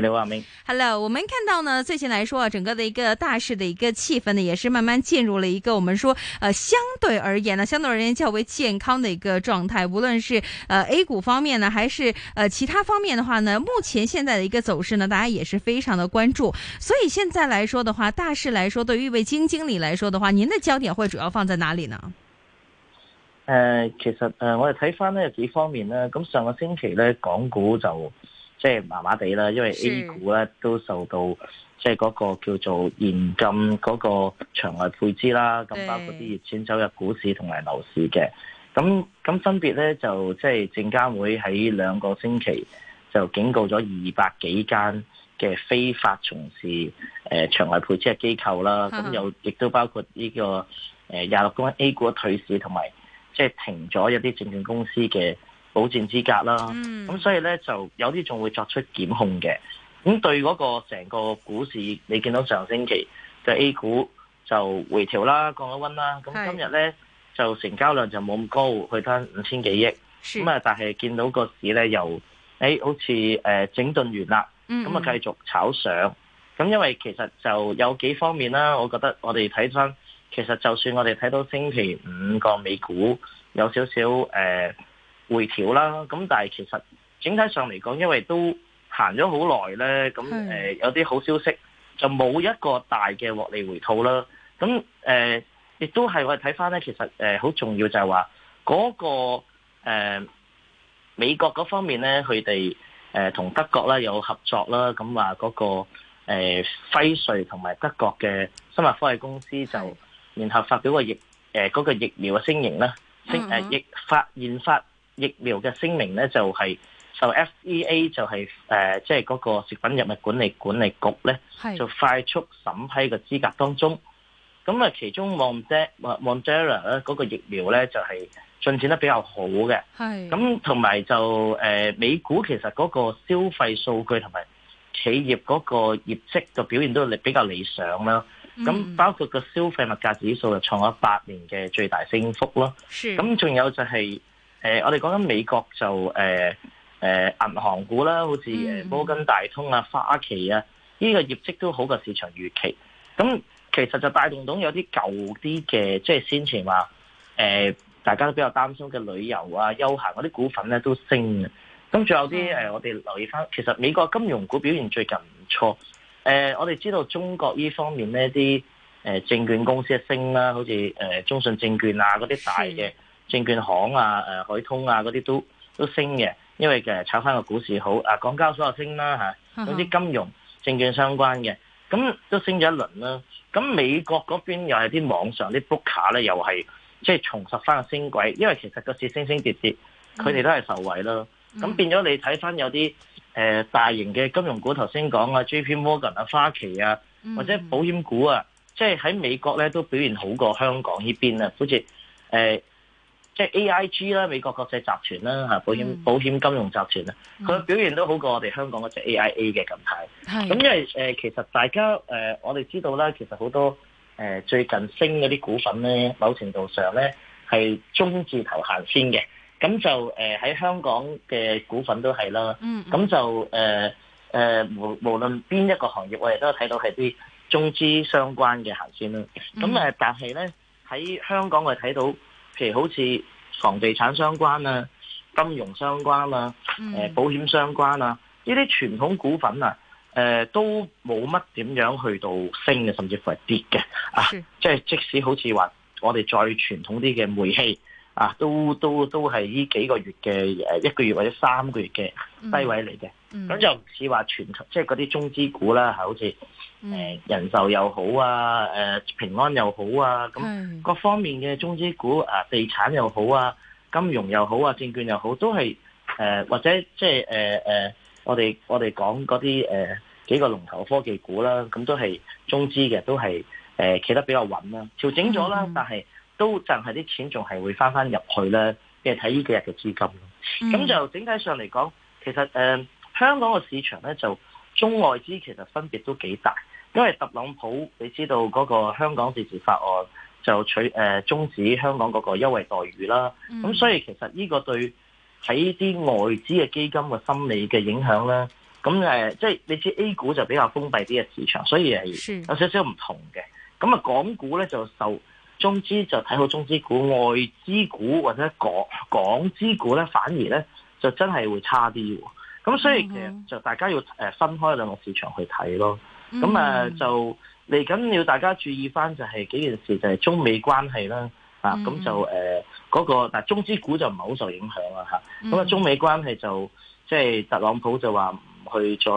劉、hey, 明，Hello，我們看到呢，最近來說啊，整個的一個大市的一個氣氛呢，也是慢慢進入了一個我們說，呃，相對而言呢，相對而言較為健康的一個狀態。無論是呃 A 股方面呢，還是呃其他方面的話呢，目前現在的一個走勢呢，大家也是非常的關注。所以現在來說的話，大市來說，對於一位基金經理來說的話，您的焦點會主要放在哪裏呢？呃，其實呃我哋睇翻呢，有幾方面呢，咁上個星期呢，港股就。即係麻麻地啦，因為 A 股咧都受到即係嗰個叫做嚴禁嗰個場外配資啦，咁包括啲熱錢走入股市同埋樓市嘅。咁咁分別咧就即係證監會喺兩個星期就警告咗二百幾間嘅非法從事誒場外配資嘅機構啦。咁又亦都包括呢個誒廿六公 A 股退市同埋即係停咗一啲證券公司嘅。保薦資格啦，咁、嗯、所以咧就有啲仲會作出檢控嘅。咁對嗰個成個股市，你見到上星期嘅 A 股就回調啦，降咗溫啦。咁今日咧就成交量就冇咁高，去翻五千幾億咁啊，但係見到個市咧又誒、哎、好似、呃、整頓完啦，咁、嗯、啊、嗯、繼續炒上。咁因為其實就有幾方面啦，我覺得我哋睇翻，其實就算我哋睇到星期五個美股有少少、呃回調啦，咁但係其實整體上嚟講，因為都行咗好耐咧，咁誒有啲好消息就冇一個大嘅獲利回吐啦。咁誒亦都係我哋睇翻咧，其實誒好重要就係話嗰個誒美國嗰方面咧，佢哋誒同德國咧有合作啦，咁話嗰個誒輝瑞同埋德國嘅生物科技公司就聯合發表個疫誒嗰個疫苗嘅聲明啦，誒疫發研發。疫苗嘅聲明咧，就係、是、受 FDA 就係、是、誒，即係嗰個食品藥物管理管理局咧，就快速審批嘅資格當中。咁啊，其中 Moderna、Moderna 咧嗰個疫苗咧，就係、是、進展得比較好嘅。係。咁同埋就誒、呃，美股其實嗰個消費數據同埋企業嗰個業績嘅表現都比較理想啦。咁、嗯、包括個消費物價指數就創咗八年嘅最大升幅咯。咁仲有就係、是。誒、呃，我哋講緊美國就誒誒銀行股啦，好似誒摩根大通啊、花、mm-hmm. 旗啊，呢、這個業績都好過市場預期。咁其實就帶動到有啲舊啲嘅，即、就、係、是、先前話誒、呃、大家都比較擔心嘅旅遊啊、休閒嗰啲股份咧都升嘅。咁仲有啲誒、mm-hmm. 呃，我哋留意翻，其實美國金融股表現最近唔錯。誒、呃，我哋知道中國呢方面呢啲誒證券公司嘅升啦、啊，好似誒、呃、中信證券啊嗰啲大嘅。Mm-hmm. 證券行啊，呃、海通啊，嗰啲都都升嘅，因為其實炒翻個股市好啊。港交所又升啦嚇，啲、啊、金融證券相關嘅，咁都升咗一輪啦。咁美國嗰邊又係啲網上啲 book 卡咧，又係即係重拾翻個升軌，因為其實個市升升跌跌，佢、嗯、哋都係受惠咯。咁、嗯、變咗你睇翻有啲誒、呃、大型嘅金融股，頭先講啊 J.P. Morgan 啊、花旗啊，或者保險股啊，即係喺美國咧都表現好過香港呢邊啊，好似即係 AIG 啦，美國國際集團啦，嚇，保險、嗯、保險金融集團咧，佢表現都好過我哋香港嗰隻 AIA 嘅近排。咁因為誒、呃，其實大家誒、呃，我哋知道啦，其實好多誒、呃、最近升嗰啲股份咧，某程度上咧係中字頭行先嘅。咁就誒喺、呃、香港嘅股份都係啦。咁、嗯、就誒誒、呃呃，無無論邊一個行業，我哋都睇到係啲中資相關嘅行先啦。咁誒，但係咧喺香港我哋睇到。譬如好似房地產相關啊、金融相關啊、誒、mm-hmm. 保險相關啊，呢啲傳統股份啊，誒、呃、都冇乜點樣去到升嘅，甚至乎係跌嘅、mm-hmm. 啊！即、就、係、是、即使好似話我哋再傳統啲嘅煤氣。啊，都都都係呢幾個月嘅誒一個月或者三個月嘅低位嚟嘅，咁、嗯嗯、就唔似話全球，即係嗰啲中資股啦，係好似誒、嗯呃、人壽又好啊，誒、呃、平安又好啊，咁各方面嘅中資股啊，地產又好啊，金融又好啊，證券又好，都係誒、呃、或者即係誒誒，我哋我哋講嗰啲誒幾個龍頭科技股啦，咁都係中資嘅，都係誒企得比較穩啦，調整咗啦，但係。都賺係啲錢，仲係會翻翻入去咧，即係睇呢幾日嘅資金。咁、嗯、就整體上嚟講，其實誒、呃、香港嘅市場咧，就中外資其實分別都幾大。因為特朗普你知道嗰個香港自治法案就取誒中、呃、止香港嗰個優惠待遇啦。咁、嗯、所以其實呢個對喺啲外資嘅基金嘅心理嘅影響咧，咁即係你知 A 股就比較封閉啲嘅市場，所以係有少少唔同嘅。咁啊，港股咧就受。中資就睇好中資股、外資股或者港港資股咧，反而咧就真係會差啲。咁所以其實就大家要誒分開兩個市場去睇咯。咁、mm-hmm. 誒就嚟緊要大家注意翻就係、是、幾件事，就係中美關係啦。啊、mm-hmm.，咁就誒嗰個但中資股就唔係好受影響啦。咁啊，中美關係就即係、就是、特朗普就話唔去再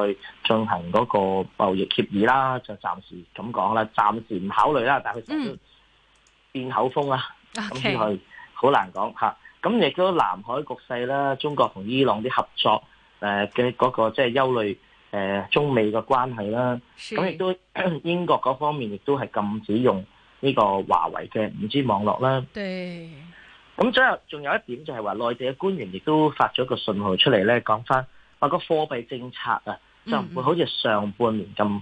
進行嗰個貿易協議啦，就暫時咁講啦，暫時唔考慮啦，但係佢。Mm-hmm. 變口風啊！咁之去好難講吓，咁亦都南海局勢啦，中國同伊朗啲合作誒嘅，嗰個即係憂慮誒中美嘅關係啦，咁亦都英國嗰方面亦都係禁止用呢個華為嘅五 G 網絡啦。咁最後仲有一點就係話內地嘅官員亦都發咗個信號出嚟咧，講翻話個貨幣政策啊就唔會好似上半年咁。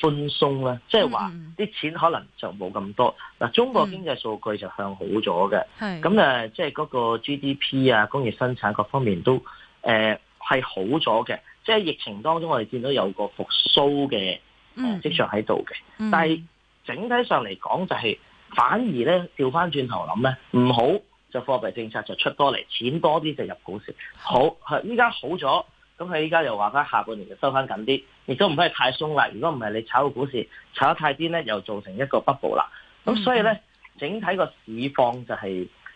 寬鬆咧，即係話啲錢可能就冇咁多。嗱、嗯，中國經濟數據就向好咗嘅，咁即係嗰個 GDP 啊、工業生產各方面都誒係、呃、好咗嘅。即、就、係、係、疫情當中，我哋見到有個復甦嘅跡象喺度嘅，但係整體上嚟講就係反而咧調翻轉頭諗咧，唔好就貨幣政策就出多嚟，錢多啲就入股市。好，係依家好咗。咁佢依家又話翻下半年就收翻緊啲，亦都唔可以太鬆啦。如果唔係，你炒個股市炒得太癲咧，又造成一個不保啦。咁所以咧，整體個市況就係、是。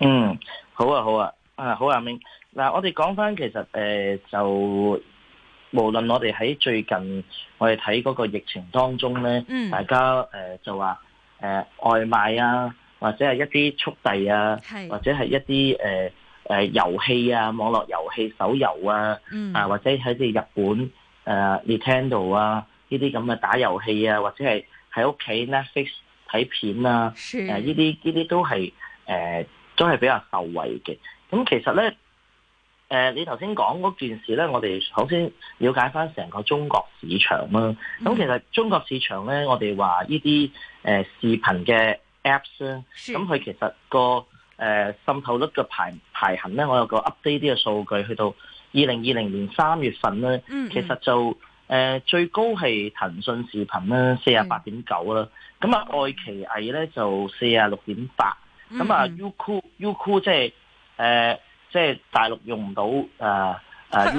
嗯，好啊，好啊，好啊，啊好啊，明嗱，我哋講翻其實誒、呃，就無論我哋喺最近，我哋睇嗰個疫情當中咧，嗯，大家誒、呃、就話誒、呃、外賣啊，或者係一啲速遞啊，係，或者係一啲誒誒遊戲啊，網絡遊戲手遊啊，嗯，啊或者喺啲日本誒、呃、Nintendo 啊呢啲咁嘅打遊戲啊，或者係喺屋企 Netflix 睇片啊，是，誒呢啲呢啲都係誒。呃都係比較受惠嘅。咁其實咧，誒、呃，你頭先講嗰件事咧，我哋首先了解翻成個中國市場啦。咁其實中國市場咧，我哋話呢啲誒視頻嘅 apps，咁佢其實、那個誒滲、呃、透率嘅排排行咧，我有個 update 啲嘅數據，去到二零二零年三月份咧，嗯嗯其實就誒、呃、最高係騰訊視頻啦，四十八點九啦。咁啊，愛奇藝咧就四十六點八。咁啊，U 酷 U 酷即係誒，即係、 就是呃就是、大陸用唔到誒誒，uh,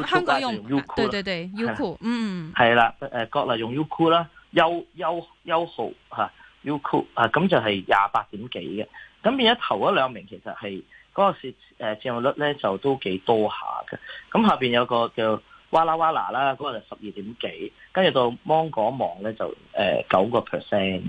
uh, 香港用，啊、用 U 酷對對對，U 酷嗯，係啦誒，國內用 U 酷啦，優優優酷吓 U 酷啊，咁、啊、就係廿八點幾嘅，咁變咗頭嗰兩名其實係嗰、那個市誒佔用率咧就都幾多下嘅，咁下邊有個叫哇啦哇啦啦嗰個就十二點幾，跟住到芒果網咧就誒九個 percent，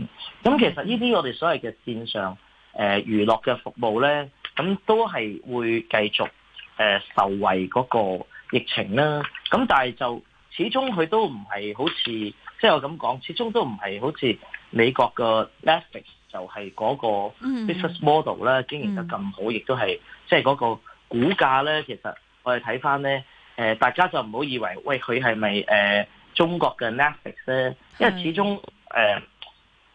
咁其實呢啲我哋所謂嘅線上。Okay. 嗯誒娛樂嘅服務咧，咁都係會繼續誒受惠嗰個疫情啦。咁但係就始終佢都唔係好似，即係我咁講，始終都唔係好似美國嘅 Netflix 就係嗰個 business model 啦，mm-hmm. 經營得咁好，亦都係即係嗰個股價咧。其實我哋睇翻咧，大家就唔好以為喂佢係咪誒中國嘅 Netflix 咧，因為始終誒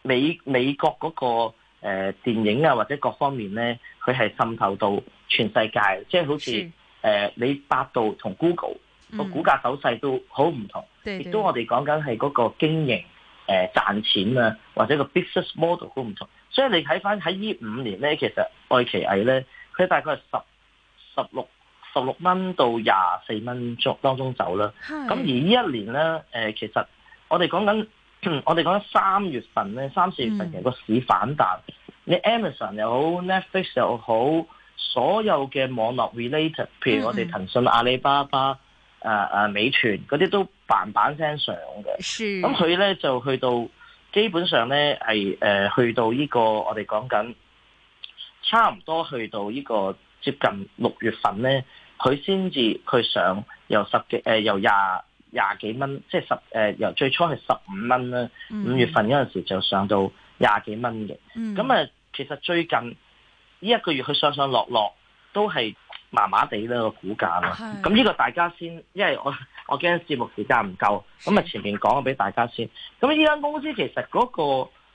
美美國嗰個。誒、呃、電影啊，或者各方面咧，佢係滲透到全世界，即係好似誒、呃、你百度同 Google 個、嗯、股價走勢都好唔同，亦都我哋講緊係嗰個經營誒賺錢啊，或者個 business model 好唔同，所以你睇翻喺呢五年咧，其實愛奇藝咧，佢大概係十十六十六蚊到廿四蚊中當中走啦，咁而呢一年咧、呃，其實我哋講緊。嗯、我哋講緊三月份咧，三四月份其實個市反彈，嗯、你 Amazon 又好，Netflix 又好，所有嘅網絡 related，譬如我哋騰訊、阿里巴巴、誒、啊、誒、啊、美團嗰啲都嘭嘭聲上嘅。咁佢咧就去到基本上咧係、呃、去到呢、呢個我哋講緊，差唔多去到呢、呢個接近六月份咧，佢先至佢上由十幾、呃、由廿。廿幾蚊，即係十誒由、呃、最初係十五蚊啦，五、mm-hmm. 月份嗰陣時就上到廿幾蚊嘅。咁、mm-hmm. 啊，其實最近呢一個月佢上上落落都係麻麻地啦個股價啊。咁、mm-hmm. 呢個大家先，因為我我驚節目時間唔夠，咁啊前面講咗俾大家先。咁呢間公司其實嗰個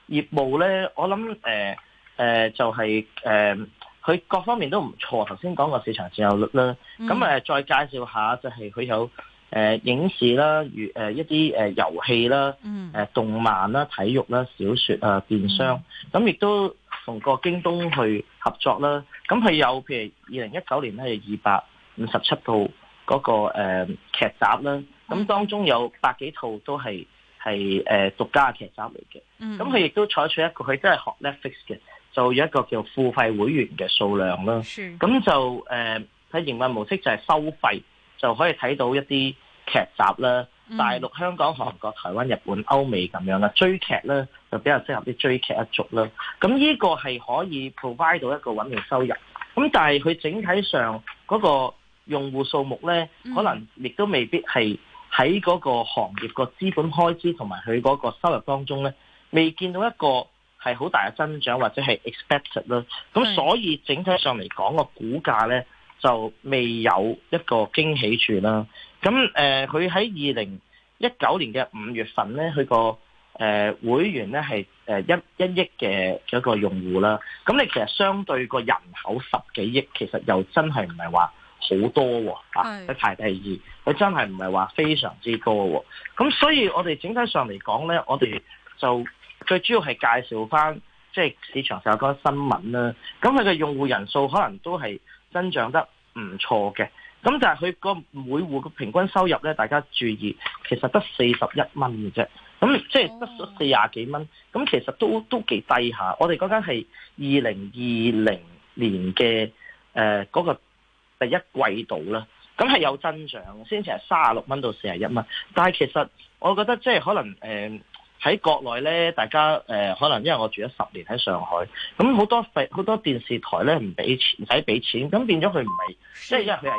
業務咧，我諗誒誒就係、是、誒，佢、呃、各方面都唔錯。頭先講個市場佔有率啦，咁誒、呃 mm-hmm. 再介紹一下就係、是、佢有。誒影視啦，如誒一啲誒遊戲啦，誒動漫啦、體育啦、小説啊、電商，咁、mm. 亦都同個京東去合作啦。咁佢有譬如二零一九年咧係二百五十七套嗰個誒劇集啦，咁當中有百幾套都係係誒獨家劇集嚟嘅。咁佢亦都採取一個佢真係學 Netflix 嘅，就有一個叫付費會員嘅數量啦。咁就誒睇營運模式就係收費，就可以睇到一啲。劇集啦，大陸、香港、韓國、台灣、日本、歐美咁樣啦，追劇咧就比較適合啲追劇一族啦。咁呢個係可以 provide 到一個穩定收入。咁但係佢整體上嗰個用戶數目咧，可能亦都未必係喺嗰個行業個資本開支同埋佢嗰個收入當中咧，未見到一個係好大嘅增長或者係 expected 啦。咁所以整體上嚟講個股價咧。就未有一個驚喜處啦。咁誒，佢喺二零一九年嘅五月份咧，佢個誒會員咧係誒一一億嘅一個用戶啦。咁你其實相對個人口十幾億，其實又真係唔係話好多喎。啊，佢排第二，佢真係唔係話非常之多啊。咁所以我哋整體上嚟講咧，我哋就最主要係介紹返，即係市場上有個新聞啦。咁佢嘅用戶人數可能都係。增長得唔錯嘅，咁但係佢個每戶嘅平均收入咧，大家注意，其實得四十一蚊嘅啫，咁即係得四廿幾蚊，咁其實都都幾低下。我哋嗰間係二零二零年嘅誒嗰個第一季度啦，咁係有增長，先至係三啊六蚊到四啊一蚊，但係其實我覺得即係可能誒。呃喺國內咧，大家誒、呃、可能因為我住咗十年喺上海，咁好多費好多電視台咧唔俾錢，唔使俾錢，咁變咗佢唔係即係。因為佢係